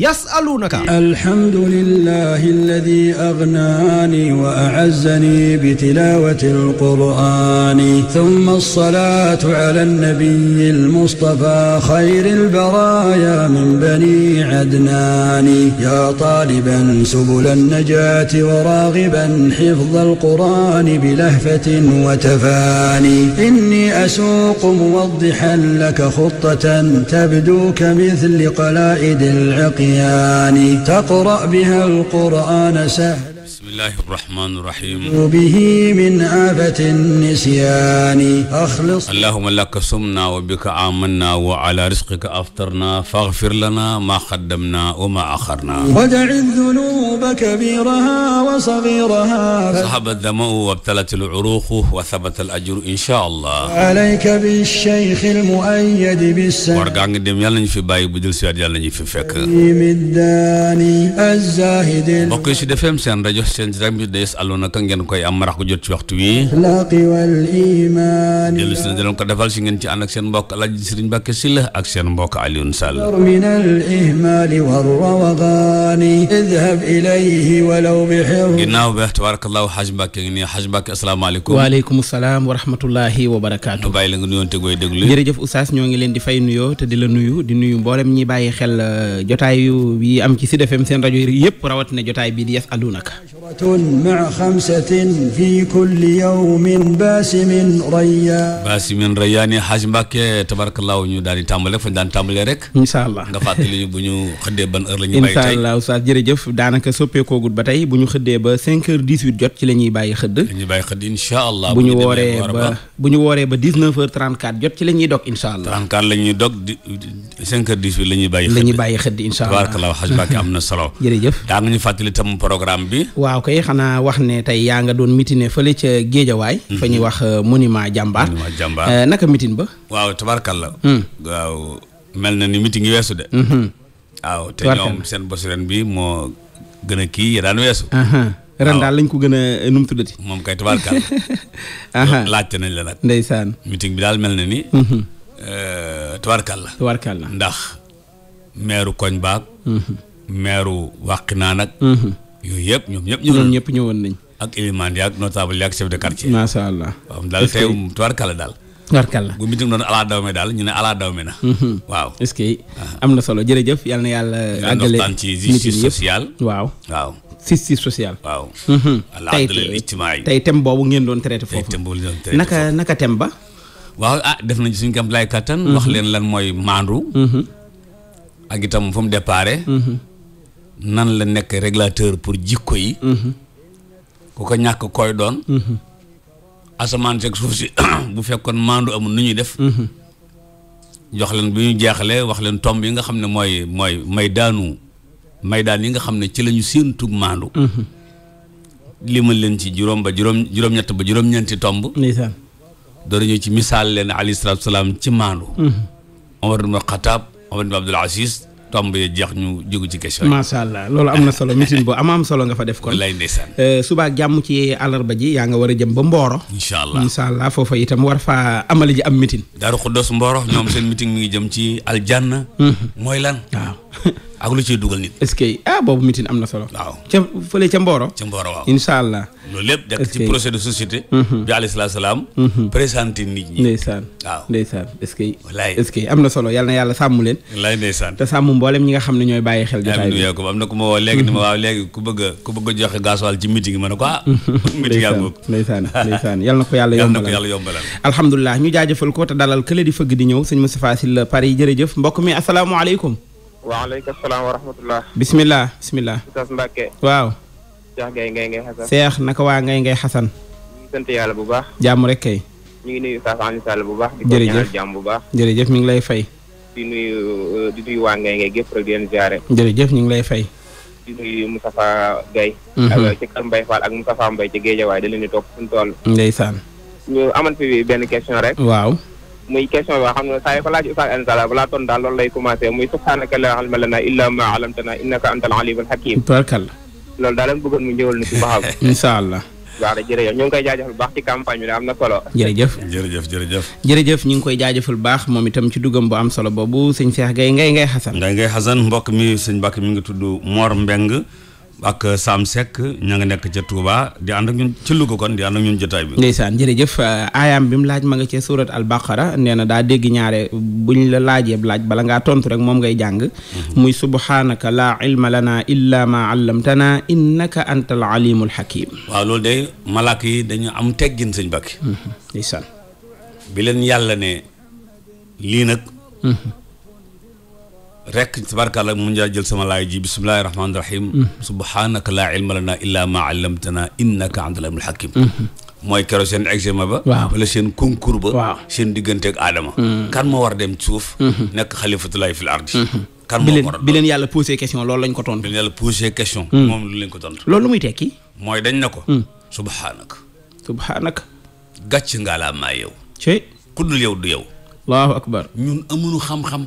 يسألونك الحمد لله الذي أغناني وأعزني بتلاوة القرآن ثم الصلاة على النبي المصطفى خير البرايا من بني عدنان يا طالبا سبل النجاة وراغبا حفظ القرآن بلهفة وتفاني إني أسوق موضحا لك خطة تبدو كمثل قلائد العقل التقيان تقرأ بها القرآن سهلا bismillahi rahmaani rahiim bihi min aafati nisyaani axlis allahuma laka sumna wa bika amanna wa ala risqika aftarna faxfir lana maa qaddamna wa maa axarna waj'al dunuuba kabiiraha wa sagiiraha sahaba addamu wabtalat al-uruuqu wa sabata al-ajru inshaa allah alayka bish-shaykh al-mu'ayyad bis-samaa war gaa ngi dem yàlla nañu fi bàyyi bu dul siwaat yàlla nañu fi fekk mbokk yi si defeem seen rajo seen direct bi des àllo naka ngeen koy am marax ko jot ci waxtu wi dellu si na dinañ ko defal si ngeen ci ànd ak seen mbokk Alaaji Sëriñ Mbàkke Sylla ak seen mbokk Alioune Sall min al-ihmal war-rawgani idhab ilayhi walaw bi hir ginnaaw bi tabarakallahu Xaaj Mbàkke ngi nii Xaaj Mbàkke asalaamaaleykum waaleykum salaam wa rahmatullahi wa barakaatu bàyyi la nga nuyoon te gooy déglu jërëjëf Oustaz ñoo ngi leen di fay nuyoo te di la nuyu di nuyu mboolem ñi bàyyi xel euh, jotaayu yi am ci Sud FM seen rajo yëpp rawat na jotaay bi di Yas'alounaka مع خمسة في كل يوم باسم ريان باسم ريان xaaj Mbàkke tabarakallahu ñu daal di tàmbale fañ daan tàmbalee rek incha allah nga fàttali bu ñu xëddee ban heure la ñuy bàyyi tey jërëjëf daanaka soppeekoogut ba tey bu ñu xëddee ba cinq heures dix-huit jot ci la ñuy bàyyi xëdd la ñuy bàyyi xëdd incha allah bu ñu wooree bu ñu wooree ba dix-neuf heures trente-quatre ci la ñuy dog incha allah trente-quatre la ñuy dog di cinq heures la ñuy bàyyi xëdd la ñuy bàyyi xëdd incha allah tabarakallahu xaaj Mbàkke am na solo jërëjëf daa nga ñu fàttali tam programme bi waaw ginnaaw kay xanaa wax ne tey yaa nga doon mitine fële ca Géejawaay. Mhm. fa ñuy wax euh, monument jàmbaar. monument jàmbaar euh, naka mitin ba. waaw la hmm. waaw mel na ni mitin yi weesu de. Mhm. waaw te ñoom seen bosu ren bi moo gën a kii ya daan weesu. ren daal lañ ko gën a euh, num tuddati. moom kay tabarkalla. laajte nañ la nag. ndeysaan mitin bi daal mel na ni. Mhm. tabarkalla. tabarkalla ndax. meeru koñ baag. meeru wàqinaan ak. yooyu yëpp ñoom ñëpp ñëw ñoom ñëpp ñëwoon nañ ak élimaan yaag notable yaag chef de quartier macha allah waaw daal tey tubaarkàlla daal tubaarkàlla bu mitim doon alaa dawme daal ñu ne alaa dawme na mhm. waaw est-ce que am na solo jërëjëf yal na yàlla àggale waxtaan ci justice sociale waaw waaw justice sociale waaw mhm. tey tey thème boobu ngeen doon traité foofu naka naka thème ba waaw ah def nañ suñ kam lay kattan wax mhm. leen lan mooy maandu ak itam fu mu dépare nan la nekk régulateur pour jikko yi mhm. ku ko ñàkk koy doon mhm. asamaan seeg suuf si bu fekkoon maandu amul nu ñuy def mhm. jox leen bi ñu jeexale wax leen tomb yi nga xam ne mooy mooy may daanu may daan yi nga xam ne ci lañu seen tug maandu limal leen ci juróom ba juróom juróom-ñett ba juróom-ñeenti tomb doora ñëw ci missaal leen alayhi salaatu salaam ci maandu Omar ibn Xataab Omar ibn Abdul Aziz tomb ya jeex ñu jógu ci question macha allah loolu am na solo mitin bu am am solo nga fa def kon lay ndeysaan euh, subaa jàmm ci àllarba ji yaa nga war a jëm ba Mboro incha allah incha allah foofa itam war faa amali ji am mitin Daaru Xuddoos Mboro ñoom seen mitin mu ngi jëm ci aljanna mhm. mooy lan waaw ak lu ciy dugal nit. est-ce ah, boobu mitin am na solo. waaw ca fële ca Mboro. ca Mboro waaw incha allah. loolu lépp nekk ci projet de société. Mhm. bi alayhi salaam. Mhm. présenté nit ñi. ndeysaan waaw ndeysaan est-ce que. wallaay am na solo yal na yàlla sàmm leen. wallaay ndeysaan te sàmm mboolem ñi nga xam ne ñooy bàyyi xel. jotaay bi yaa ko am na ku ma woo léegi ni ma waaw léegi ku bëgg a ku bëgg a joxe gasoil ci meeting ma ne ko ah. meeting yaa yal na ko yàlla yombalal yal na ñu jaajëfal ko te dalal kële di di ñëw sëñ Moustapha Sylla Paris jërëjëf mbokk mi asalaamaaleykum waaleykum salaam wa rahmatullah. bisimilah bisimilah. Oustaz Mbacke. waaw. Cheikh Gaye naka waa Ngay Ngay Xasan. ñu sant yàlla bu baax. jàmm rek kay. ñu ngi nuyu Oustaz Alioune bu baax. di ko ñaanal bu baax. jërëjëf mi ngi lay fay. di nuyu waa Ngay Ngay gépp rek di leen jërëjëf ñu ngi lay fay. di nuyu Moustapha Gaye. Mhm. ak ci kër Mbaye Fall ak Moustapha Mbaye ci Géejawaay da leen di topp suñu tool. ndeysaan. ñu amal fi benn question rek. waaw. muy question yoo xam ne saa yu ko laaj Oustaz Alioune Sall daal loolu lay commencé muy subhaanaka laa ilma lanaa illaa maa alamtanaa innaka antal aliimul hakiim barakallah loolu daal lañ bëggoon mu ñëwal na si baaxam incha allah waaw jërëjëf ñu ngi koy jaajëfal baax ci campagne am na solo. jërëjëf jërëjëf jërëjëf. jërëjëf ñu ngi koy jaajëfal baax moom itam ci duggam bu am solo boobu sëñ Cheikh Gaye ngay ngay xasan. ngay ngay xasan mbokk mi sëñ Bakk mi ngi tudd moor Mbeng ak Sam Seck ña nga nekk ca Touba di ànd ak ñun ci Louga kon di ànd ak ñun jotaay bi. ndeysaan jërëjëf aayaam uh, bi mu laaj ma nga ca surat al baqara nee na daa dégg ñaare bu ñu la laajee laaj bala ngaa tontu rek moom ngay jàng. Mm-hmm. muy subhaanaka laa ilma lana illa ma allamtana innaka antal alimul hakim. waaw loolu day malaak yi dañu am teggin sëñ Bakki. Mm-hmm. ndeysaan. bi leen yàlla ne lii nag. Mm-hmm. rek tabarkàlla mu njaa jël sama laay ji bismillahi rahmaani rahim mm-hmm. subhanaka laa ilma lana illa ma allamtana innaka antal alimul hakim mm-hmm. mooy keroog seen examen ba wala seen concours ba waaw seen diggante ak aadama mm-hmm. kan moo war dem suuf nekk xalifatulaay fil ardi kan moo war bi leen yàlla posé question loolu lañ ko tontu bi leen yàlla posé question moom lu lañ ko tontu loolu lu muy tekki mooy dañ na ko subhanaka subhanaka gàcc ngaa laa maa yow ci ku dul yow du yow allahu akbar ñun amuñu xam-xam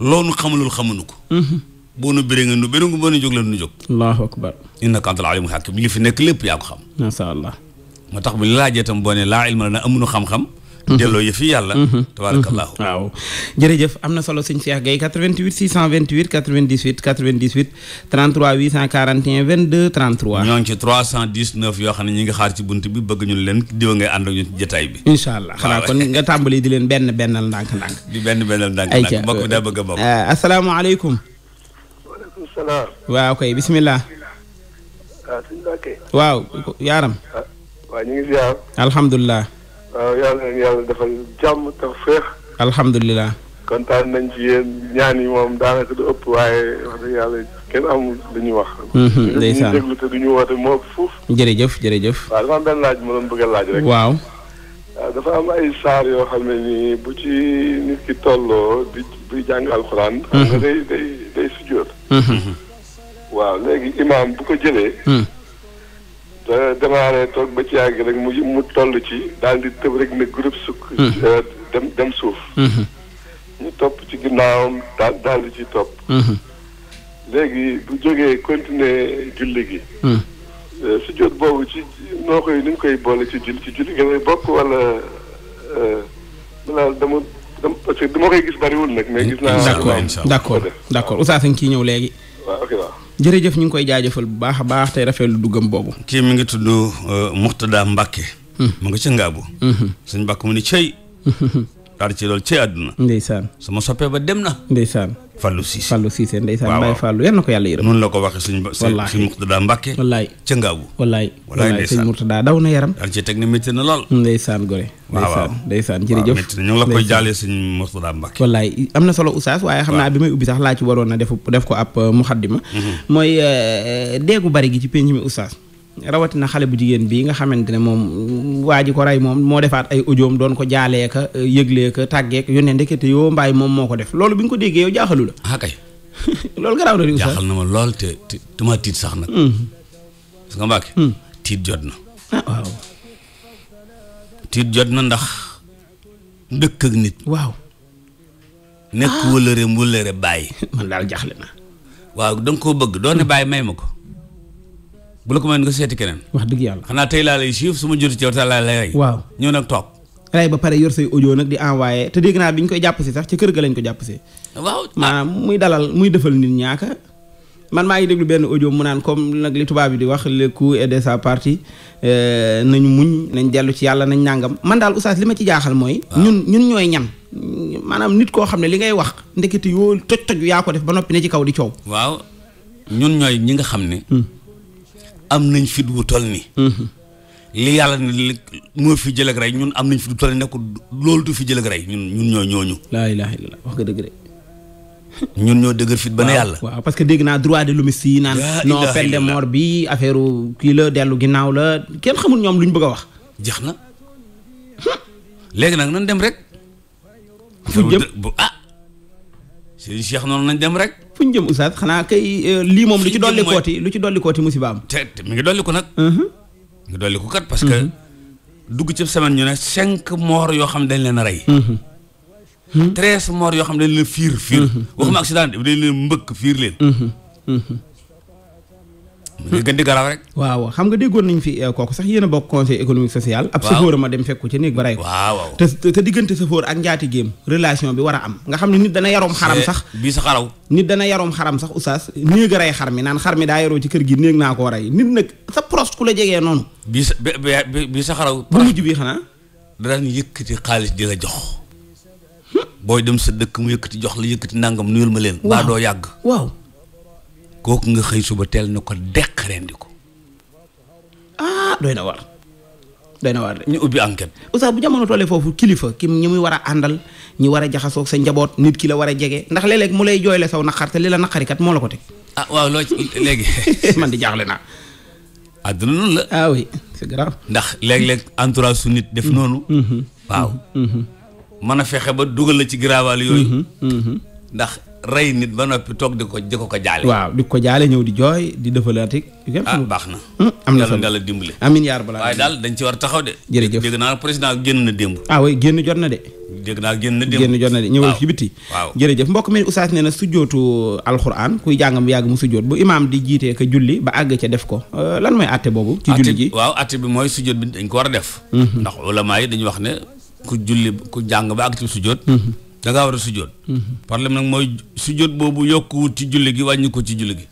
loolu xamulul xamuñu ko. Mhm. boo nu béré nga nu béré nga boo nu jóg la nu jóg. allahu akbar. innaka antal alimul hakim li fi nekk lépp yaa ko xam. macha allah. moo tax bu laajee tam boo nee laa ilma lana amuñu xam-xam. Mm-hmm. delloo yëf yi yàlla mm-hmm. tabaarakallaahu mm-hmm. waaw jëf am na solo suñ sëñ Cheikh Gueye 88 628 98 98 33 841 22 33 ñoo ngi ci 319 yoo xam ne ñu ngi xaar ci bunt bi bëgg ñu leen diwa ngay ànd ak ñu ci jotaay bi incha allah xanaa kon nga tàmbali di leen benn bennal ndànk-ndànk di benn bennal ndànk-ndànk mbokk bi daa bëgg a bopp ah, asalaamaaleykum waaleykum salaam waaw koy waaw yàlla na yàlla defal jàmm tax féex. alhamdulilah. kontaan nañ ci yéen ñaan yi moom daanaka du ëpp waaye wax dëgg yàlla kenn amul lu ñuy wax. Mhm, ndeysaan ñu déglu te du ñu woote moo fuuf. dafa am ma doon ah, am ay saar yoo xam ne nii bu ci nit ki tolloo di buy jàng alxuraan. xam nga mhm. day day sujjóot. Mhm. waaw léegi imaam bu ko jëlee. démarré toog ba ci yàgg rek mu mu toll ci dal di tëb rek ne groupe sukk hmm. euh, dem dem suuf hmm. ñu topp ci ginnaaw daal daal di ci topp hmm. léegi bu jógee continuer julli gi euh, su jot ci noo ni koy boole ci julli ci julli gi lay bokk wala euh, daal dama parce que ma koy gis bariwul nag mais gis naa d'accord d'accord d'accord Oustaz ciy ñëw léegi waaw ok waaw. jërëjëf ñu ngi koy jaajëfal bu baax a baax tey rafetlu duggam boobu. kii mi ngi tudd euh, Muxtada Mbàkke. Hmm. mu ngi ca Ngaabu. Hmm. suñu mbàkk mu ni cëy. Hmm. daal ci loolu cëy àdduna. ndeysaan sama soppee ba dem na. ndeysaan. Fallou Cissé Fallou Cissé ndeysaan Baye Fallou na ko yàlla yërëm noonu la ko waxee suñ suñ Murtada Mbàkke wallaay ca Ngaabu wallaay wallaay suñ Murtada daw na yaram daan ci teg ne métti na lool ndeysaan gore ndeysaan ndeysaan jërëjëf métti na ñu ngi la koy jaalee suñ Murtada Mbàkke wallaay am na solo oustaz waaye xam naa bi may ubbi sax laa ci waroon na def ko ab euh, muxaddima mhm. mooy euh, euh, deegu bari gi ci pénc mi oustaz rawatina xale bu jigéen bii nga xamante ne moom waa ji ko rey moom moo defaat ay audioom doon ko jaalee ka euh, yëglee ka tàggee ak yónnee ndekete yoo mbaay moom moo ko def loolu bi nga ko déggee yow jaaxalu la. ah kay. loolu garaaw na na ma lool te tiit sax nag. Mm-hmm. parce mm. jot na. Ah, tiit jot na ndax dëkk nit. waaw. nekk ah. wëllëre wëllëre bàyyi. man daal jaaxle na. waaw da koo bëgg doone mm. bàyyi may ma ko. bu la ko mën nga seeti keneen. wax dëgg yàlla xanaa tey laa lay su ma jot ci laa lay rey. waaw ñëw nag toog. ba pare yor say nag di envoyé te dégg naa bi ñu koy jàpp si sax ci kër ga lañ ko jàpp si. waaw maanaam muy dalal muy defal nit ñaaka. man maa ngi déglu benn audio mu naan comme nag li bi di wax le coup est de sa partie euh, nañu muñ nañ dellu ci yàlla nañ nàngam man daal oustaz li ma ci jaaxal mooy. ñun ñun ñooy ñan. maanaam nit koo xam ne li ngay wax ndekete yoo toj toj def ba noppi ci kaw di coow. waaw ñun ñooy ñi nga xam ne. Hmm. am nañ fit wu toll ni mhm. li yàlla ne moo fi jël ak ñun am nañ fi du toll ne ko loolu du fi jël ak rey ñun ñun ñoo ñooñu. laa ilaaha illallaah wax nga dëgg de. ñun ñoo dëgër fit ba ne yàlla. waaw parce que dégg naa droit de l'homme yi naan. non peine de bi affaire kii la dellu ginnaaw la kenn xamul ñoom lu bëgg a wax. jeex na léegi nag nan dem rek. fu jëm Serigne Cheikh noonu nañ dem rek. fu ñu jëm oustaz xanaa kay euh, lii moom lu ci dolli kooti lu ci dolli kooti musiba am. te mi ngi dolli ko nag. Uh-huh. mi ngi dolli ko kat parce que. Uh-huh. dugg ci semaine ñu ne cinq morts yoo xam dañ leen a rey. Uh-huh. treize morts yoo xam dañ leen fiir fiir. waxuma accident dañ leen mbëkk fiir leen. gën di garaaw rek. waaw xam nga déggoon nañ fi eh, kooku sax yéen bokk conseil économique social. ab sëfoor ma dem fekku ci néeg ba rey ko. te diggante sëfoor ak njaati géem relation bi war a am nga xam ne nit dana yaroom xaram sax. bii sa xaraw. nit dana yaroom xaram sax oustaz néeg a rey xar mi naan xar mi daa yaroo ci kër gi néeg naa koo rey nit nag sa proche ku la jegee noonu. bii sa bii sa xaraw. bu mujj bii xanaa. daan yëkkati xaalis di la jox. booy dem sa dëkk mu yëkkati jox la yëkkati nangam nuyul ma leen. waaw doo yàgg waaw kooku nga xëy suba teel na ko deq rendi ko ah doy na war doy na waar de ñu ubbi enquête oustaz bu jamono tollee foofu kilifa kim ñi muy war a àndal ñi war a jaxasoog sa njaboot nit ki la war a jege ndax léeg mu lay jooyle saw naqar te li la naqarikat moo la ko teg ah waaw loo léegi man di jaaxle naa àdduna noonu la ah oui c'est ndax léeg-léeg entourage su nit def noonu mm-hmm. Mm-hmm. waaw mm-hmm. mën a fexe ba dugal la ci garaawal yooyu ndax rey nit ba noppi toog di ko di ko ko jaale. waaw di ko jaale ñëw di jooy di defalaati. ah baax na. Hmm, am na solo yàlla dimbali. amiin yaa rabbal waaye daal dañ ci war taxaw de. jërëjëf dégg président génn na démb. ah oui génn jot na de. dégg naa génn na démb génn jot na de ñëwal ci waaw jërëjëf mbokk mi Oustaz nee na sujjootu alxuraan kuy jàng mu yàgg mu sujjoot bu imaam di jiitee ko julli ba àgg ca def ko euh, lan mooy àtte boobu. ci julli ji waaw àtte bi mooy sujjoot bi dañ ko war a def. Mhm. ndax ulama yi dañu wax ne ku julli ku jàng ba àgg ci sujjoot mhm. da war a sujjóot problème nag mooy sujjóot boobu yokkuwut ci julli gi wàññi ci julli gi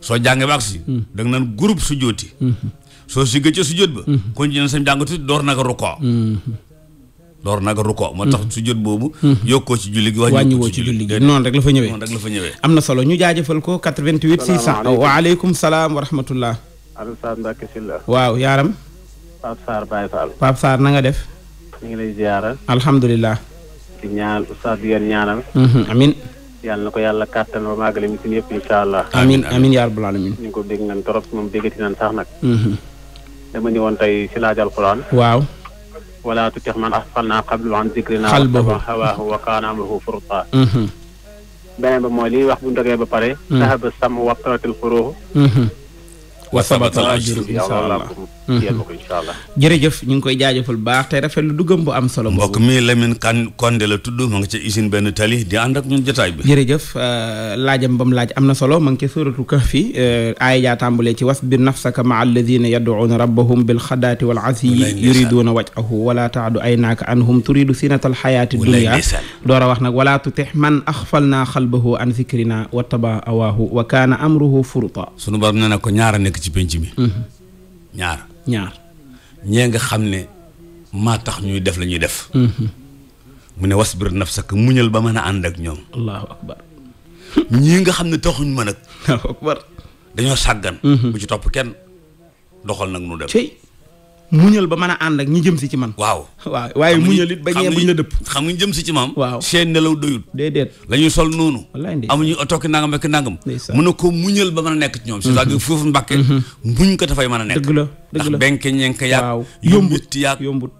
soo jàngee ba agsi da nga groupe sujjóoti soo si gëj ca sujjóot ba continué sam jàng tuuti door naka rukkoo door naka rukkoo moo tax sujjóot boobu yokkoo ci julli gi wàññiwoo ci julli gi noonu rek la fa ñëwee noonu rek ñëwee am na solo ñu jaajëfal ko 88 600 salaam wa rahmatullah Alioune Sarr Mbacke Sylla waaw yaaram Pape Sarr Baye na nga def ñu ngi lay ziyaara alhamdulilah ci ñaan oustaz di ngeen ñaanal. Mhm, amin yàlla na ko yàlla kàttan ba màggale mi suñu yëpp incha allah. amin amin yaa rabbal alamin. ñu ngi ko dégg nañ trop moom déggati nañ sax nag. Mhm. dama ñëwoon tey si laaj alquran. waaw. wala tutix man asfalna qablu an zikrina xalbahu hawaahu wa kaana amruhu furtaa. Mhm. beneen ba mooy li wax bu ñu ba pare. dahaba sam waqatil xuruuh. wa sabatal ajru incha allah Mm-hmm. yéen ko incha allah. jërëjëf ñu ngi koy jaajëfal baax tey rafetlu duggam bu am solo. mbokk mi Lamine Kan Konde la tudd ma nga ca usine benn tali di ànd ak ñun jotaay bi. Euh, laajam ba laaj am na solo ma ngi ca sóoratu Kahfi euh, aaya jaa tàmbalee ci wasbir nafsaka maa alladina yad'uuna rabbahum bil xadaati wal asiyi yuriduuna wajhahu wala taadu aynaaka anhum turidu sinata al xayaati dunya door a wax nag wala tutix man axfalnaa xalbahu an zikrina wattaba awaahu wa kaana amruhu furuta sunu borom nee na ko ñaara nekk ci penc mi mm-hmm. ñaar ñee nga xam ne maa tax ñuy def la ñuy def mhm. mu ne wasbir nafsaka muñal ba mën a ànd ak ñoom allahu akbar ñii nga xam ne taxuñ ma nag dañoo sàggan mhm. bu ci topp kenn doxal nag nu dem muñal ba mën a ànd ak ñi jëm si ci man waaw waaw waaye muñal it ba ñee buñ la dëpp xam nga jëm si ci maam waaw seen nelaw doyul déedéet la ñuy sol noonu amuñu oto ki nangam ak nangam mën a ko muñal ba mën nekk ci ñoom c'est-à-dire mhm. foofu mbàkke mhm. muñ ko dafay mën a nekk dëgg la dëgg la benk ñenk yaag yombut yaag yombut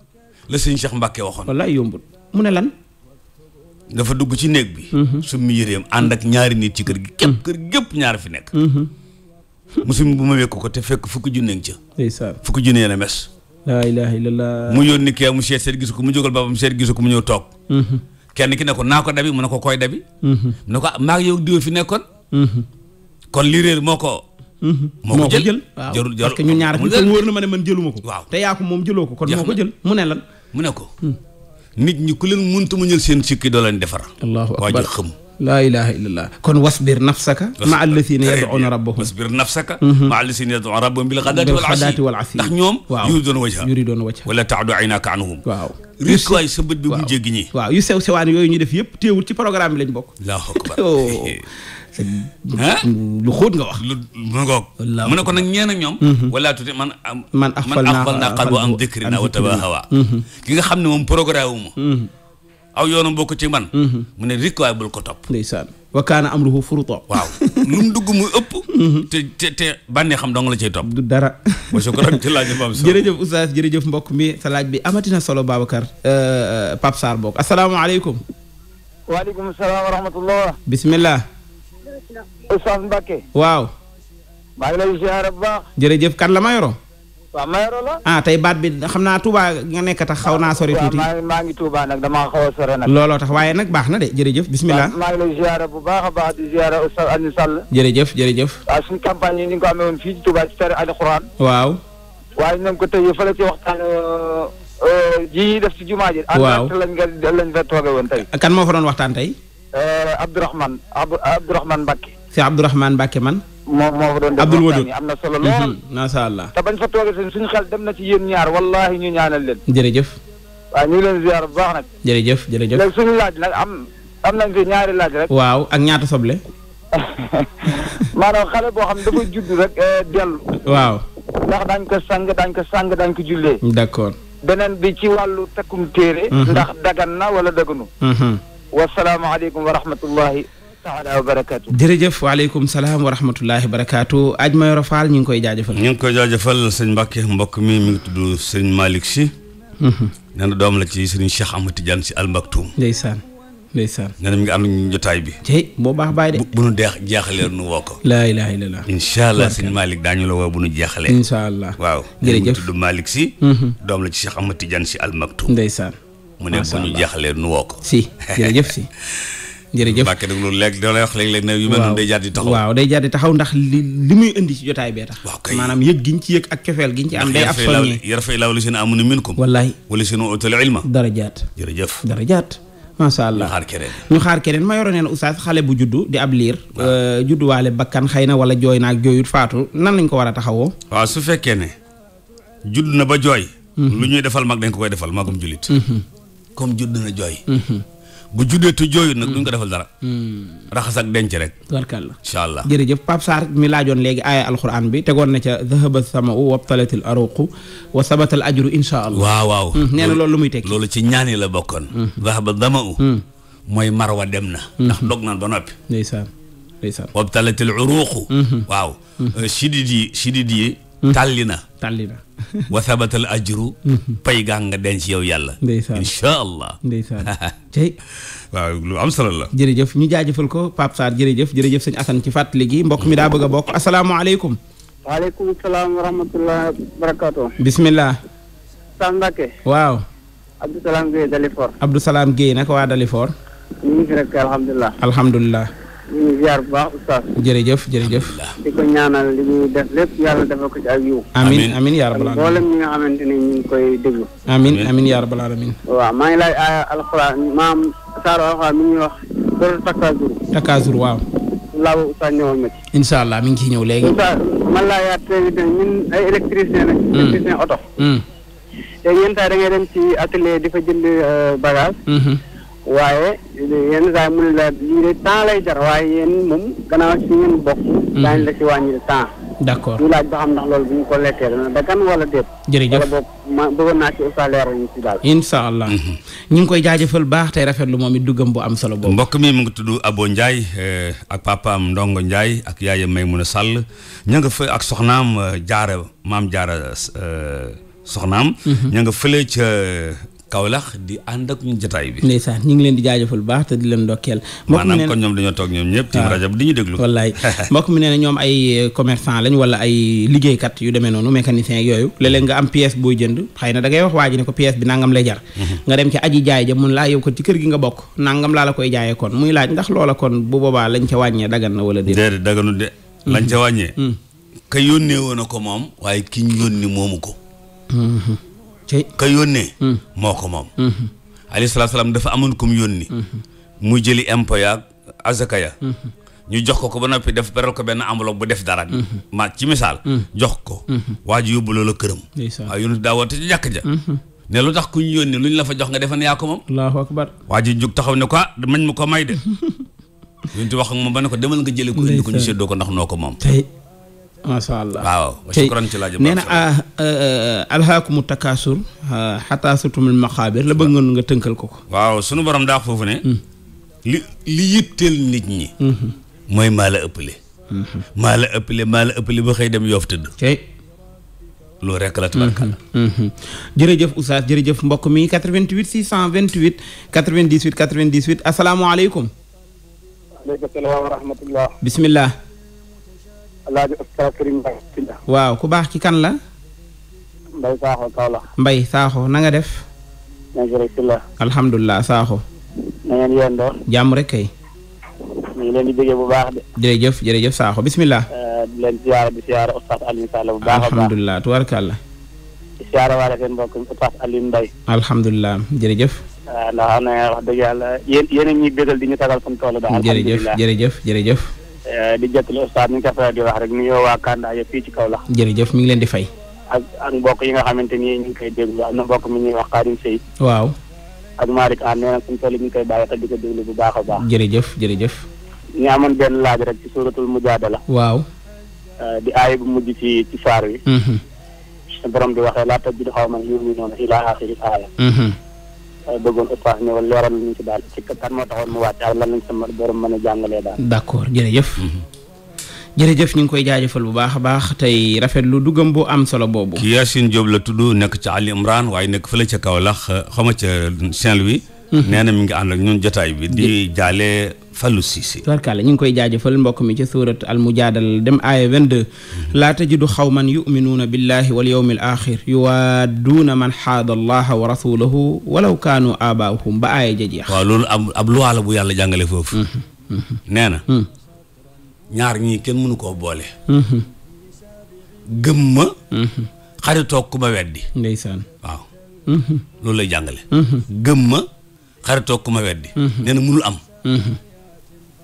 la sëñ Cheikh Mbàkke waxoon wallaay yombut mu ne lan dafa dugg ci néeg bi mhm. summi yëreem ànd ak ñaari nit ci kër gi képp kër gépp ñaar fi nekk musum bu ma wekk ko te fekk fukki junne ngi ca fukki junne na mes laa ilaaha illallaah mu yónni kee mu seet seet gisu ko mu jógal boppam seet gisu ko mu ñëw toog mm-hmm. kenn ki ne ko naa ko dabi mu ne ko koy dabi mm-hmm. mu ne ko ah, maa ngi fi nekkoon mm-hmm. kon lii moo ko moo ko jël waaw jël parce ñaar ko na ma ne man jëluma ko waaw te yaa moom jëloo ko kon moo ko jël mu ne lan mu ne ko mm. nit ñi ku leen mënta mu ñël seen sikki doo leen defar allahu akbar waa ji xëm laa ilaha illallah kon wasbir nafsaka ma allasina yad'una rabbahum wasbir nafsaka ma mhm. allasina yad'una rabbahum bil xadaati wal asi ndax ñoom waaw yuridoona wajha yuridoona wajha wala taadu aynaka anhum waaw rek waay sa bët bi bu jéggi ñi waaw yu sew sewaan yooyu ñu def yëpp téewul ci programme bi lañ bokk allahu akbar oh. lu xóot nga wax lu mu ngoog mu ne ko nag ñeen ak ñoom mhm. wala tuuti man man axfal naa qalbu an dikrina wa tabahawa mhm. ki nga xam ne moom programme aw yoona bokk ci man mhm. mu ne rikk waaye bul ko topp ndeysaan wa kaana amruhu waaw lu dugg muy ëpp mhm. te te xam dong la cay topp du dara ba sukran ci laaj bi am mbokk mi sa laaj bi amatina solo Babacar euh, euh, Pape Sarr bokk asalaamaaleykum waaleykum salaam wa rahmatullah bismillah oustaz waaw maa ngi lay ziar waaw Mayoro la. ah tey baat bi xam naa Touba nga nekk tax xaw naa sori tuuti. waaw maa ngi tuubaa nag damaa xaw a sori nag. looloo tax waaye nag baax na de jërëjëf bisimilah. maa ngi la ziara bu baax a baax di ziara Oustaz Alioune Sall. jërëjëf jërëjëf. waaw suñu campagne yi ni nga ko amee woon fii ci Touba ci tari alxuraan. waaw. waaye ñu ko tey fële ci waxtaan euh, euh, ji ñuy def ci jumaa ji. waaw ànd lañ nga lañ fa woon tey. kan moo fa doon waxtaan tey. Euh, Abdourahmane Abdourahmane Mbacke. si Abdourahmane Mbacke man moom moo fa doon def am na solo lool mhm, macha allah te bañ fa toogee suñu xel dem na ci yéen ñaar wallahi ñu ñaanal leen jërëjëf waaw ñu ngi leen ziar bu baax nag jërëjëf jërëjëf léegi suñu laaj nag am am nañ fi ñaari laaj rek waaw ak ñaata soble maanaam xale boo xam ne dafa judd rek eh, dellu waaw ndax dañ ko sang dañ ko sang dañ ko jullee d'accord beneen bi ci wàllu takkum téere mhm. ndax dagan na wala daganu mhm. wasalaamaaleykum wa rahmatullahi taala wa barakaatu. jërëjëf waaleykum salaam wa rahmatullahi barakaatu aj Mayoro Fall ñu ngi koy jaajëfal. ñu ngi koy jaajëfal sëñ Mbacke mbokk mi mu ngi tudd sëñ Malick Sy. Mhm. nee na doom la ci sëriñ Cheikh Ahmad Tidiane Sy Al Maktoum. ndeysaan ndeysaan. nee na mi ngi ànd ñu jotaay bi. boobaa boo de. bu bu nu deex jeexalee nu woo ko. laa ilaaha illallaah. incha allah sëñ Malick daañu la woo bu nu jeexalee. incha allah waaw. jërëjëf mu tudd Malick mhm. doom la ci Cheikh Ahmad Tidiane Sy Al Maktoum. ndeysaan. mu ne bu ñu jeexalee nu woo ko. si jërëjëf si jërëjëf Mbacke nag loolu léegi doo lay wax léeg-léeg ne yu di taxaw waaw day jaar di taxaw ndax li muy indi ci jotaay bee tax maanaam yëg giñ ci yëg ak cofeel giñ ci am day ab soññee yarfa ilaahu llaziina aamanu minkum wallaay wala seen utul ilma darajaat jërëjëf darajaat macha allah ñu xaar keneen ñu xaar keneen ma bu juddu di ab liir euh, judduwaale bakkan xëy na wala jooy naag jooyut faatu nan lañ ko war a taxawoo waaw su fekkee ne judd na ba jooy mhm. lu ñuy defal mag dañ ko koy defal magum julit mhm. comme judd na jooy mhm. bu juddee tu jooyu nag duñ ko hmm. defal dara hmm. raxas ak denc rek tabarkàlla incha allah jërëjëf Pape Sarr mi laajoon léegi aaya alquran bi tegoon na ca dhahaba samau wabtalatil aruqu wa sabata al ajru incha allah waaw waaw hmm, nee lu muy tekki loolu ci ñaani la bokkoon dhahaba samau mooy marwa dem na ndax dog na ba noppi ndeysaan ndeysaan wabtalatil uruqu waaw euh, sidid yi sidid yi tàlli na tàlli na wa thabatal ajru pay gaa nga denc yow yàlla ndeysaan incha allah ndeysaan waaw lu am solo la jërëjëf ñu jaajëfal ko Pape Sarr jërëjëf jërëjëf sëñ Assane ci fàttali gi mbokk mi daa bëgg a bokk asalaamaaleykum waaleykum salaam wa rahmatullah barakaatu bismillah Sam Mbacke waaw Abdou Salam Guèye Dalifor Abdou nag waa Dalifor ñu ñu ziar bu baax oustaz. jërëjëf jërëjëf. di ko ñaanal li ñuy def lépp yàlla defal ko ci ak yiw. amiin amiin yaa rabbal aalamiin mboolem ñi nga xamante ne ñu koy déglu. amiin amiin yaa rabbal aalamiin. waaw maa ngi laaj aaya ah, alxuraan maam saaru alxuraan mi ñuy wax sóor takkaazur. takkaazur waaw. laa ba oustaz ñëwoon ma ci. allah mi ngi ciy ñëw léegi. oustaz man laa yaat tey ñun ay électricien lañ. Hmm. électricien oto. léegi hmm. yenn saa da dem ci atelier di jënd euh, bagage. Hmm. waaye yenn saa lay jar waaye yéen moom gannaaw si ngeen bokk. Mhm. daañu la si wàññil temps. d'accord ñu laaj ba xam ndax loolu bu ñu ko lekkee dana dagan wala déet. jërëjëf bëggoon naa ci usa leeral ñu si daal. incha allah. Mhm. ñu ngi koy jaajëfal baax tey rafetlu moom i duggam bu am solo boobu. mbokk mi mu ngi tudd aboo Ndiaye eh, ak papaam Ndongo Ndiaye ak yaayam Maymuna Sall ña nga fa ak soxnaam jaara eh, maam jaara eh, soxnaam. Mhm. ña nga fële ca. Kaolack di ànd ak ñu jotaay bi. ndeysaan ñu ngi leen di jaajëfal bu baax te di leen ndokkeel. mbokk mi maanaam kon ñoom dañoo toog ñoom ñëpp. waaw tiim rajo bi nee na ñoom ay commerçant lañ wala ay liggéeykat yu demee noonu mécanicien ak yooyu léeg-léeg nga am pièce booy jënd xëy na da ngay wax waa ji ne ko pièce bi nangam lay jar. Mhm. nga dem ci aji jaay ja mun laa yow ko ci kër gi nga bokk nangam laa la koy jaayee kon muy laaj ndax loola kon bu boobaa lañ ca wàññee dagan na wala déedéet daganu de lañ mhm. ca wàññee mhm. ka yónnee ko moom waaye ki ñu ko ka yónnee mm. moo ko moom mm-hmm. alayhi salaatu salaam dafa amoon kum yónni mm-hmm. mu jëli impôt ya azaka ya mm-hmm. ñu jox ko ko ba noppi def beral ko benn enveloppe bu def dara ma ci misaal jox ko waa ji yóbbu loola këram waaw yónni daa woote ci jàkk ja ne lu tax ku ñu yónni lu ñu la fa jox nga defan yaa ko moom allahu waa ji jóg taxaw ne ko ah, mañ ma ko may de yónni wax ak ma ba ne ko demal nga jëli ko indi ko ñu séddoo ko ndax noo ko moom macha allah waaw shukran ci laaj nee na ah, ah, ah, alhaakumu takaasur xataa surtumul maqaabir la bëgg nga tënkal ko ko waaw sunu borom daax foofu ne hmm. li li yitteel nit ñi hmm. mooy maa la ëppale hmm. maa la ëppale maa la ëppale ba xëy dem yoof tëdd loolu rek la tubarkalla jërëjëf oustaz jërëjëf mbokk mi 88 628 98 98 asalaamaaleykum aleykum salaam wa rahmatullah bismillah alaaji Abdoulaye Karim waaw ku baax ki kan la. Mbaye Sakho Kaolack. Mbaye Sakho nanga def. na nga rek la. jàmm rek kay. ñu ngi leen bu baax de. jërëjëf jërëjëf Sakho bisimilah. Eh, di leen ziyaara di ziyaara Oustaz Alioune Sall bu baax a baax alhamdulilah tubaarkàlla. di ziyaara waale seen mbokk Oustaz Alioune Mbaye. jërëjëf. Eh, ndax xam ne wax dëgg yàlla yéen yéen a ñuy bégal di ñu tagal fan toolu. daal alhamdulilah jërëjëf jërëjëf jërëjëf. Eh, di jottali ustaas ni ñu ko faral di wax rek nuyoo waa Kanda fii ci Kaolack. jërëjëf mi ngi leen di fay. ak mbokk yi nga xamante ni ñu ngi koy déglu am na mbokk mi ñuy wax Karim Seye. waaw. ak Malick Anne nee na suñu tool yi ñu koy bàyyi te di ko déglu bu baax a baax. jërëjëf jërëjëf. ñu amoon benn laaj rek ci suuratul mujaadala. waaw. Eh, di aay bu mujj ci ci saar wi. Mhm. borom di waxee laa tajid xawman yuminuuna ilaa aaxiri aaya mhm. bëggoon oustaz ñëwal leeral ñu moo taxoon mu wàcc ak lan lañ mën a jàngalee daal. d'accord jërëjëf. Mhm. jërëjëf ñu ngi koy jaajëfal bu baax a baax tey rafet lu duggam bu am solo boobu. kii Yacine Diop la tudd nekk ca Ali Imran waaye nekk fële ca kaw Kaolack xama ca Saint-Louis. Mhm. nee na mi ngi ànd ak ñun jotaay bi di jaale Fallou Cissé tarkala ñu ngi koy jaajëfal mbokk mi ci suurat al mujaadal dem aaya 22 mhm. laa tajidu xawman yuminuuna billahi wal yawmi al axir yuwaaduuna man xaada allaha wa rasulahu walaw kaanu aabaahum ba aaya ja jeex waaw loolu ab ab luwaa la bu yàlla jàngale foofu mhm. nee na ñaar ñi kenn mënu koo boole gëm ma xaritoog ku weddi ndeysaan jàngale gëm xaritoo ku ma weddi. Mhm. nee na munul am. Mhm.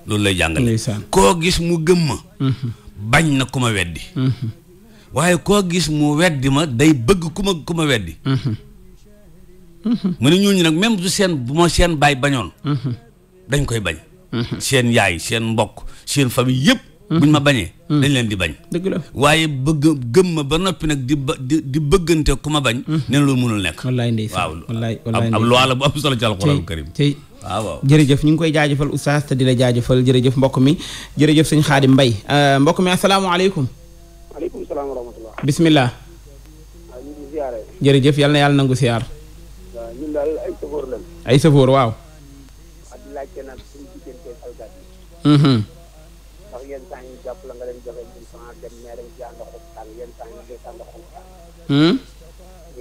loolu lay jàngale. koo gis mu gëm ma. Mhm. bañ na ku ma weddi. waaye koo gis mu weddi ma day bëgg ku ma ku ma weddi. mu ne ñooñu nag même du seen bu ma seen baay bañoon. dañ koy bañ. seen yaay seen mbokk seen famille yëpp. Hmm. buñ ma bañee. Hmm. dañ leen di bañ. dëgg waaye bëgg ma ba noppi nag di ba bëggante ku ma bañ. Hmm. nee na loolu mënul nekk. wallaay ndeysaan wallaay wallaay waaw ab loi la bu am solo ci alxuraan karim tey waaw waaw jërëjëf ñu ngi koy jaajëfal oustaz te di la jaajëfal jërëjëf mbokk mi jërëjëf sëñ Xaadim Mbay euh, mbokk mi asalaamaaleykum. waaleykum salaam wa yal na yàlla nangu siyaar. waaw ñun daal ay safoor waaw. dem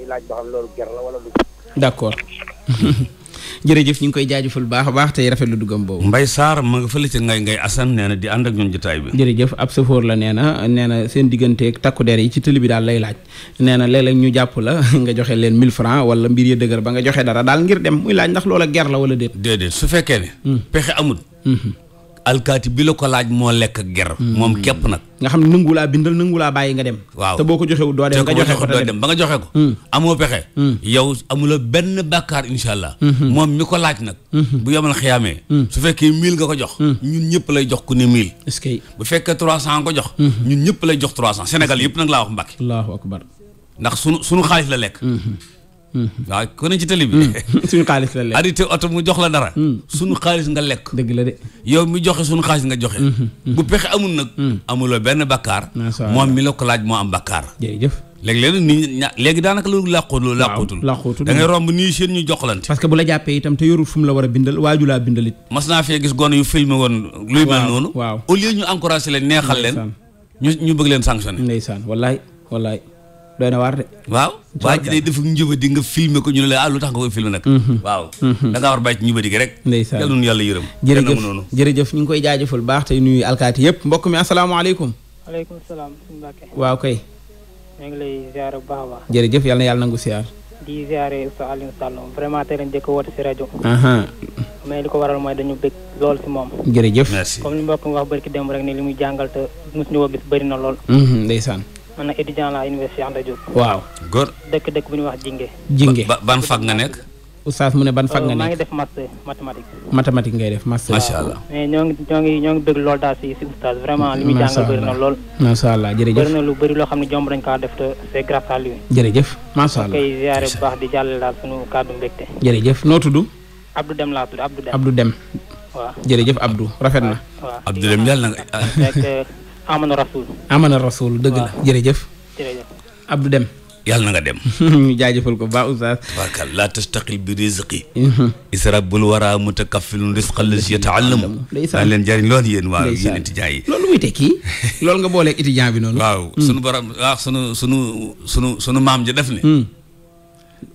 mais dañ hmm? d'accord jërëjëf ñu ngi koy jaajëfal bu baax baax tey rafetlu duggam boobu. mbay Sarr ma nga fële ca ngay ngay Assane nee na di ànd ak ñun jotaay bi. jërëjëf ab safoor la neena na nee na seen digganteeg takku der yi ci télé bi daal lay laaj nee na ñu jàpp la nga joxe leen 1000 francs wala mbir ya dëgër ba nga joxe dara daal ngir dem muy laaj ndax loola ger la wala déet. déedéet su fekkee ne. Hmm. pexe amul. Hmm. alkaati bi la ko laaj moo lekk ger hmm. moom képp nag nga xam ne nangu laa bindal nangu laa bàyyi nga dem waaw te boo ko joxewul doo dem nga joxe ko ba nga joxe ko hmm. hmm. amula benn bàkkaar insha moom mi ko laaj nag bu yomal xiyaamee su fekkee mille nga ko jox ñun ñëpp lay jox ku ne mille est bu fekkee trois cent nga ko jox ñun ñëpp lay jox trois cent Sénégal yëpp nag laa wax Mbàkke allahu akbar ndax sunu sunu xaalis la lekk Mm-hmm. waaw ku ne ci tëli bi. Mm. suñu xaalis la lekk arrêté oto mu jox la dara. Mm. suñu xaalis nga lekk. dëgg la de yow mi joxe suñu xaalis nga joxe. Mm-hmm. Mm-hmm. bu pexe amul nag. Mm. amuloo benn bakkaar. moom mi la ko laaj moo am bakkaar. jërëjëf. léegi-léegi nit ña léegi daanaka loolu làqu làqutul làqutul da ngay romb nii seen ñu joxlante parce que bu la jàppee itam te yorul fu mu la war a bindal waaju laa bindalit mas naa fee gis gone yu filmé woon luy mel noonu waaw au lieu ñu encouragé leen neexal leen ñu ñu bëgg leen sanctionné ndeysaan wallaay doy na waar de. waaw waa ji day def njubadi nga filmer ko ñu ne la ah, lu tax nga koy filmer nag. Mhm. waaw. Mhm. da ngaa war a bàyyi ci njubadi gi rek. ndeysaan yàlla na yàlla yërëm. jërëjëf jërëjëf ñu ngi koy jaajëfal baax tey nuyu alkaati yëpp mbokk mi asalaamaaleykum. aleykum salaam. waaw kay. ñu ngi lay ziare a jërëjëf yàlla yàlla nangu ziar. di ziare Oustaz Alioune vraiment tey lañ jëkk woote si rajo. mais li ko waral mooy dañu lool moom. jërëjëf merci comme li mbokk mi wax barki rek ne li muy jàngal te na lool. Mhm. ndeysaan man nag étudiant laa université Anta Diop. waaw góor. dëkk dëkk bu ñuy wax Jinge. Jinge ban fag nga nekk. oustaz mu ne ban fag nga euh, nekk maa ngi def master mathématique. mathématique ngay def master. macha allah mais ñoo ngi ñoo ngi ñoo ngi bëgg lool daal si si baax di jàllale daal sunu kàddu mbégte. jërëjëf noo tudd. Abdou Dem laa tudd Abdou Dem Abdou Dem. waaw jërëjëf rafet na. waaw Abdou Dem yàlla na amana a amana rasul dëgg la jërëjëf. jërëjëf dem Deme. yàlla na nga dem. ñu jaajëfal ko ba oustaz. barkal laa tastaqil bi rizqi. Mhm. isra bul wara mutakaffilun rizqa la yata'allamu. ndeysaan leen jëriñ loolu yéen waa yéen étudiants yi. loolu muy tekki loolu nga boole étudiant bi noonu. waaw hmm. sunu borom waaw ah, sunu sunu sunu sunu maam ja def ne. Hmm.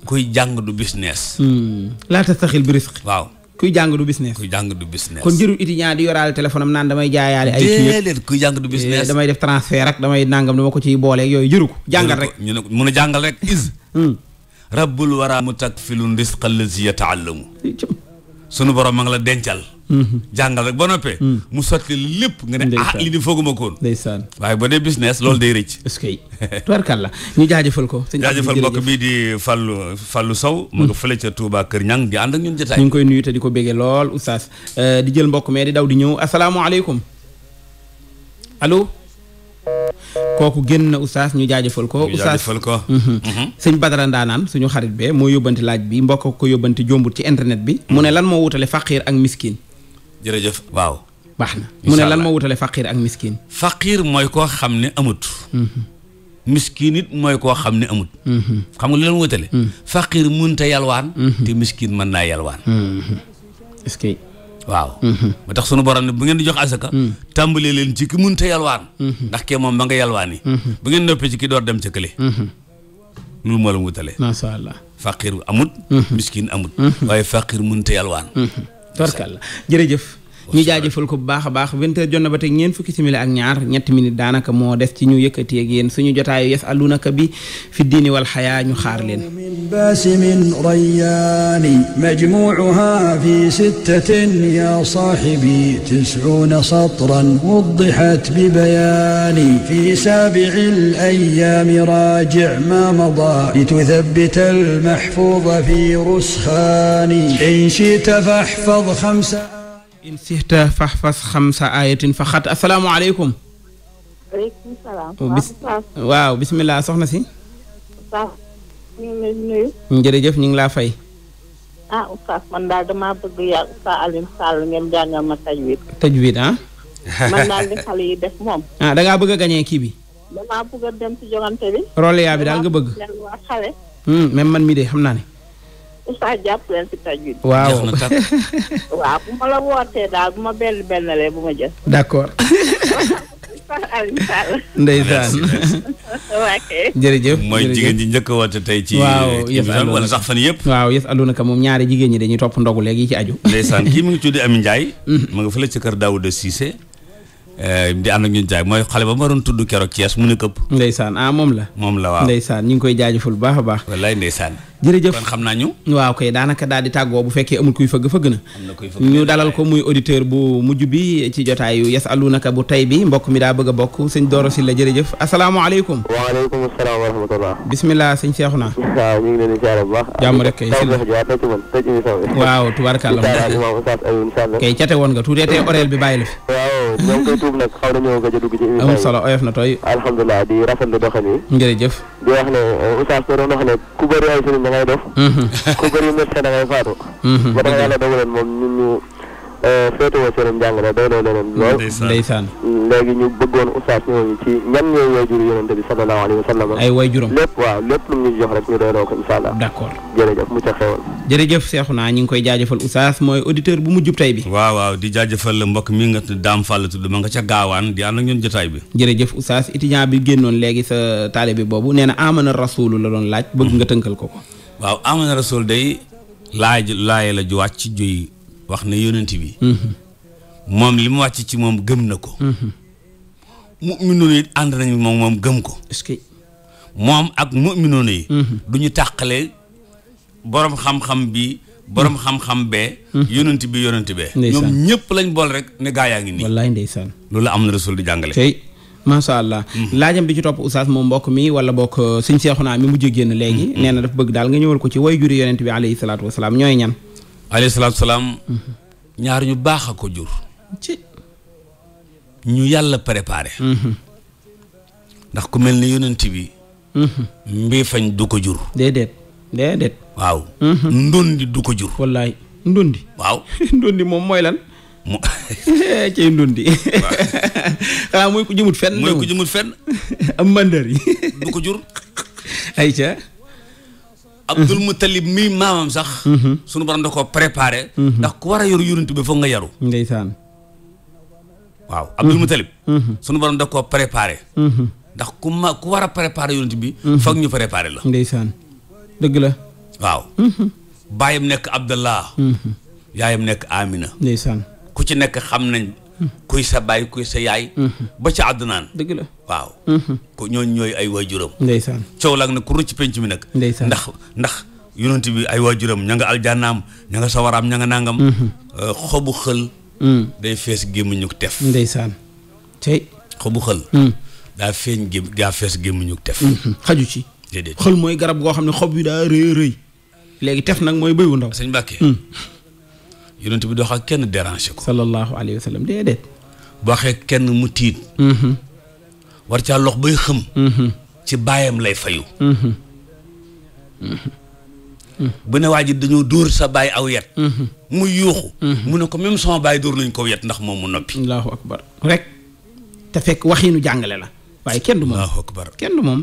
kuy jàng du business. Hmm. laa tastaxil bi rizq. waaw. kuy jàng du business. kuy jàng du business. kon jëru étudiant di yoraale téléphone am naan damay jaayaale. ay kii déedéet kuy jàng du business. Eh, damay def transfert ak damay nangam dama ko ciy boole yooyu jëru ko jàngal rek. ñu ne mun a jàngal rek is. Hmm. rabbul wara mutakfilun risqa allazi yataallamu sunu borom ma ngi la dencal. jàngal rek ba noppee hmm. mu sotti lépp nga ne ah li di fooguma koon ndeysaan waaye ba dee business loolu day rëcc est-ce la ñu jaajëfal ko jaajëfal mbokk bii di Fallou Fallou Sow mu nga ca Touba Kër Ñang di ànd ak ñun jotaay ñu ngi koy nuyu di ko béggee lool oustaz euh, di jël mbokk mais daw di ñëw asalaamaaleykum allo kooku génn na oustaz ñu jaajëfal ko oustaz mhm. Mhm. sëñ Badara Ndaanaan suñu xarit bee moo yóbbanti laaj bi mbokk ko yóbbanti jombut ci internet bi mu ne lan moo wutale faqiir ak miskin jërëjëf waaw. baax na mu ne lan moo wutale faqir ak miskin. faqir mooy koo xam ne amut. Mhm. miskin nit mooy koo xam ne amut. Mhm. xam nga li leen wutale. Mhm. faqir mënta yalwaan. te mën naa yalwaan. est-ce waaw. ba tax sunu borom ne bu ngeen di jox asaka. tàmbalee leen ci ki mënta yalwaan. ndax kee moom ma nga yalwaan yi. bu ngeen noppee ci ki door dem ca kële. loolu moo leen wutale. macha allah. faqir amut. miskin amut. waaye faqir mënta yalwaan. tubarkàlla jërëjëf ñu jaajëfal ko bu baax a baax vingt heures jot na ba tey ñeent fukki simili ak ñaar ñetti minutes daanaka moo des ci ñu yëkkati ak yéen suñu jotaayu yes alunaka bi fi diini wal xayaa ñu xaar leen basimin rayaani majmuuha fi sittatin ya saaxibi tiscuuna satran wudixat bi bayaani fi saabici alayaami raajic ma mada lituthabbita almaxfuuda fi rusxaani in shita faxfad xamsa in sixta faxfas xamsa ayatin fa xat asalaamaaleykum. waaleykum salaam. waaw bisimilah soxna si. waaw. ñu jërëjëf ñu ngi laa fay. ah oustaz man daal damaa bëgg yaa oustaz Alioune Sall ngeen jàngal ma tajwid. tajwid ah. man daal li xale yi def moom. ah bëgg a kii bi. damaa bëgg dem ci joŋante bi. roliyaa bi daal nga bëgg. waaw hmm, man mi de xam naa ne. waaw waaw bu ma la wootee daal bu ma benn benn lee bu ma jël. d'accord. ndeysaan jërëjëf mooy jigéen ji njëkk a woote ci waaw yëf wala sax fan yëpp waaw yëf aluna ka moom ñaari jigéen ñi dañuy topp ndogu léegi ci aju ndeysaan kii mu ngi tuddi Ami Ndiaye mm-hmm. mu nga ci kër Daouda Cissé eh, di ànd ak ñun Ndiaye mooy xale ba ma doon tudd keroog Thiès mu ne këpp ndeysaan ah moom la moom la waaw ndeysaan ñu ngi koy jaajëful baax a baax wallaay ndeysaan jërëjëf kon xam naa ñu. waaw kay daanaka daal di tàggoo bu fekkee amul kuy fëgg fëgg na. ñu dalal ko muy auditeur bu mujj bi ci jotaayu yes alunaka bu tay bi mbokk mi daa bëgg a bokk sëñ Doro la jërëjëf asalaamaaleykum. waaleykum wa rahmatulah. bisimilah sëñ Cheikhouna. waaw ñu ngi leen di ziar bu baax. jàmm rek kay si la waaw tubaarkàlla kay cate woon nga tuutee tee oreel bi bàyyi a dugg solo oyof na tooy. alhamdulilah di rafetlu doxalin. jërëjëf. di wax ne oustaz ko doon wax ngay def. Mhm. ku bëri médecin da ngay faatu. Mhm. ba tax yàlla dogaloon moom ñun ñu euh, féetewoo seenum njàngale doy loo leneen lool. ndeysaan léegi ñu bëggoon oustaz ñooñu ci ñan ñooy wayjuru yonente bi sallallahu alayhi wa sallam. ay wayjuram lépp waaw lépp lu ñu jox rek ñu doy ko incha allah. jërëjëf mu ca xewal. jërëjëf Seexuna ñu ngi koy jaajëfal oustaz mooy auditeur bu mujjub tay bi waaw waaw di jaajëfal mbokk mi nga daam fàll tudd ma nga ca gaawaan di ànd ak ñun jotaay bi jërëjëf oustaz étudiant bi génnoon léegi sa taalibe bi boobu nee na amana rasulu la doon laaj bëgg nga tënkal ko waaw amana rasul day laaj laaye la ju wàcc juy wax na yonent bi moom li mu wàcc ci moom gëm na ko mu'minoona yi ànd nañ moom moom gëm ko est que moom ak mu'minoona yi mhm. du ñu tàqale boroom xam-xam bi boroom xam-xam bee mhm. yonent bi yonent bee ñoom ñëpp lañ bool rek ne gaa yaa ngi nii wallaay ndeysaan loolu am na rasul di jàngale macha allah mhm. laajam bi ci topp oustaz moom mbokk mi wala bokk euh, sëñ Seexuna mi mujj génn léegi mhm. neena na bëgg daal nga ñëwal ko ci way juri yonent bi alayhi salaatu wasalaam ñooy ñan alayhi salaatu wasalaam mhm. ñaar ñu baax a ko jur ci yàlla préparé ndax ku mel ni yonent bi mbii fañ du ko jur déedéet déedéet waaw ndondi du ko jur wallaay ndondi waaw ndondi moom mooy lan mu. cey ndundi. waaw xanaa mooy ku jëmut fenn. mooy ku jëmut fenn. am mandar yi. du ko jur. ayca. Abdul Mutalib mii maamam sax. Mhm. su borom da koo préparé. Mhm. ndax ku war a yor yuruntu bi foog nga yaru. ndeysaan. waaw Abdul mhm. Mutalib. sunu borom koo préparé. ndax ku ma ku war a préparé yuruntu bi. foog ñu préparé la. ndeysaan dëgg la. waaw. baayam nekk Abdallah. yaayam nekk Amina. ndeysaan. ku ci nekk xam nañ kuy sa baay kuy sa yaay ba ci àddunaan dëgg la waaw mhm. ko ñooñ ñooy ay waajuram ndeysaan coow laag nag ku rëcc penc mi nag ndeysaan ndax ndax yonent bi ay waajuram ña nga aljannaam ña nga sawaraam ña nga nàngam mhm. euh, xobu xël mm. day fees gémmiñu tef ndeysaan xobu xël mm. daa feeñ gém daa fees gémmiñu tef mhm. xaju ci déedéet xël mooy garab goo xam ne xob yi daa rëy rëy léegi tef nag mooy bëy wu ndaw sëñ Mbàkke mm. yonent bi dox ak kenn déranger ko. sallallahu alayhi wa sallam déedéet. waxee kenn mu tiit. Mm-hmm. war caa lox bay xëm. Mm-hmm. ci baayam lay fayu. Mm-hmm. bu ne waa ji dañoo dóor sa baay aw yet. mu yuuxu. mu ne ko même sama baay dóor nañ ko yet ndax moom mu noppi. allahu akbar rek. te fekk waxiinu jàngale la. waaye kenn du moom allahu akbar kenn du moom.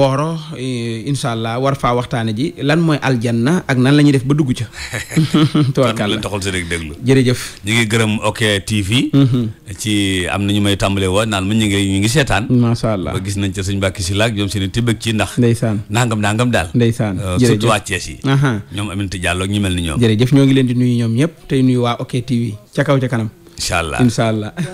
Mboro incha allah war faa waxtaane ji lan mooy aljanna ak nan la ñuy def ba dugg ca. tubarkàlla lan taxul si rek déglu. ñu ngi gërëm OK TV. Mm-hmm. ci am na ñu may tàmbalee wa naan ma ñu ngi ñu ngi seetaan. macha allah ba gis nañ ca sëñ Mbàkke si laag ñoom seen i ci ndax. ndeysaan nangam nangam daal. ndeysaan euh, jërëjëf surtout waa Thiès yi. ñoom Aminata Diallo ak ñu mel ni ñoom. jërëjëf ñoo ngi leen di nuyu ñoom ñëpp tey nuyu waa OK TV ca kaw ca kanam. incha allah